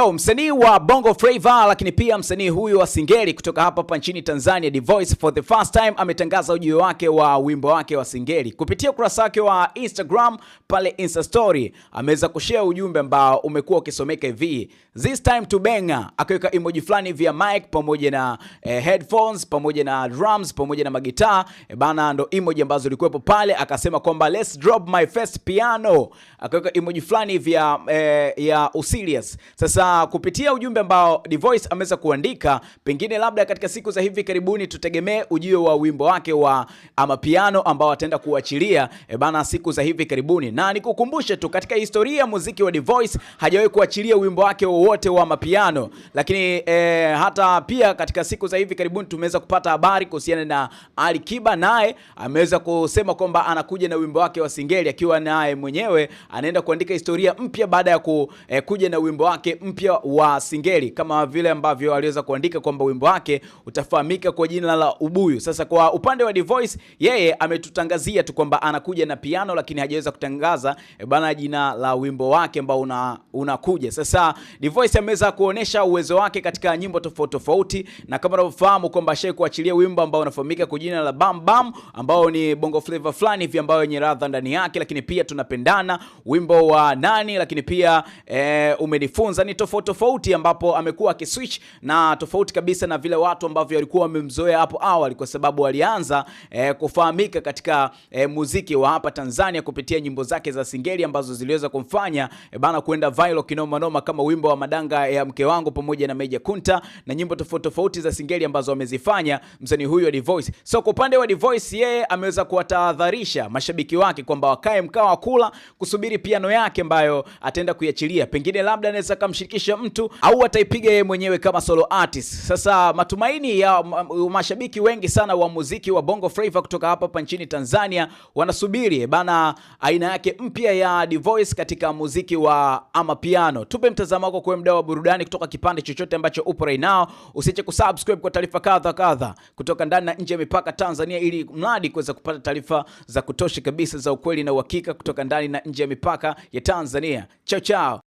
Yo, msanii wa Bongo Flava lakini pia msanii huyu wa Singeli kutoka hapa hapa nchini Tanzania D'voice for the first time ametangaza ujio wake wa wimbo wake wa Singeli kupitia ukurasa wake wa Instagram pale Insta story. Ameweza kushare ujumbe ambao umekuwa ukisomeka hivi This time to benga, akiweka emoji fulani via mic pamoja na eh, headphones pamoja na drums pamoja na magita e eh, bana, ndo emoji ambazo zilikuwepo pale. Akasema kwamba let's drop my first piano, akaweka emoji fulani via eh, ya usilius sasa kupitia ujumbe ambao Voice ameweza kuandika, pengine labda katika siku za hivi karibuni tutegemee ujio wa wimbo wake wa Amapiano ambao ataenda kuachilia e bana, siku za hivi karibuni. Na nikukumbushe tu katika historia ya muziki wa Voice hajawahi kuachilia wimbo wake wowote wa Amapiano, lakini e, hata pia katika siku za hivi karibuni tumeweza kupata habari kuhusiana na Ali Kiba, naye ameweza kusema kwamba anakuja na wimbo wake wa Singeli, akiwa naye mwenyewe anaenda kuandika historia mpya baada ya eh, kuja na wimbo wake mpya mpya wa Singeli kama vile ambavyo aliweza kuandika kwamba wimbo wake utafahamika kwa jina la Ubuyu. Sasa kwa upande wa Divoice, yeye ametutangazia tu kwamba anakuja na piano, lakini hajaweza kutangaza eh, bana jina la wimbo wake ambao unakuja una. Sasa Divoice ameweza kuonesha uwezo wake katika nyimbo tofauti tofauti, na kama unavyofahamu kwamba ashaye kuachilia wimbo ambao unafahamika kwa jina la Bam Bam ambao ni bongo flavor fulani hivi ambayo yenye radha ndani yake, lakini pia tunapendana wimbo wa nani, lakini pia e, umenifunza ni tofauti tofauti, ambapo amekuwa akiswitch na tofauti kabisa na vile watu ambavyo walikuwa wamemzoea hapo awali, kwa sababu alianza eh, kufahamika katika eh, muziki wa hapa Tanzania kupitia nyimbo zake za singeli ambazo ziliweza kumfanya eh, bana kwenda viral kinoma noma, kama wimbo wa madanga ya eh, mke wangu pamoja na Meja Kunta na nyimbo tofauti tofauti za singeli ambazo amezifanya msanii huyu wa Divoice. So kwa upande wa Divoice, yeye ameweza kuwatahadharisha mashabiki wake kwamba wakae mkao wa kula kusubiri piano yake ambayo ataenda kuiachilia, pengine labda anaweza kamshiriki kumshirikisha mtu au ataipiga yeye mwenyewe kama solo artist. Sasa matumaini ya mashabiki wengi sana wa muziki wa Bongo Flava kutoka hapa hapa nchini Tanzania wanasubiri bana aina yake mpya ya The Voice katika muziki wa amapiano. Tupe mtazamo wako kwa mdau wa burudani kutoka kipande chochote ambacho upo right now. Usiache kusubscribe kwa taarifa kadha kadha kutoka ndani na nje ya mipaka Tanzania, ili mradi kuweza kupata taarifa za kutosha kabisa za ukweli na uhakika kutoka ndani na nje ya mipaka ya Tanzania. Chao chao.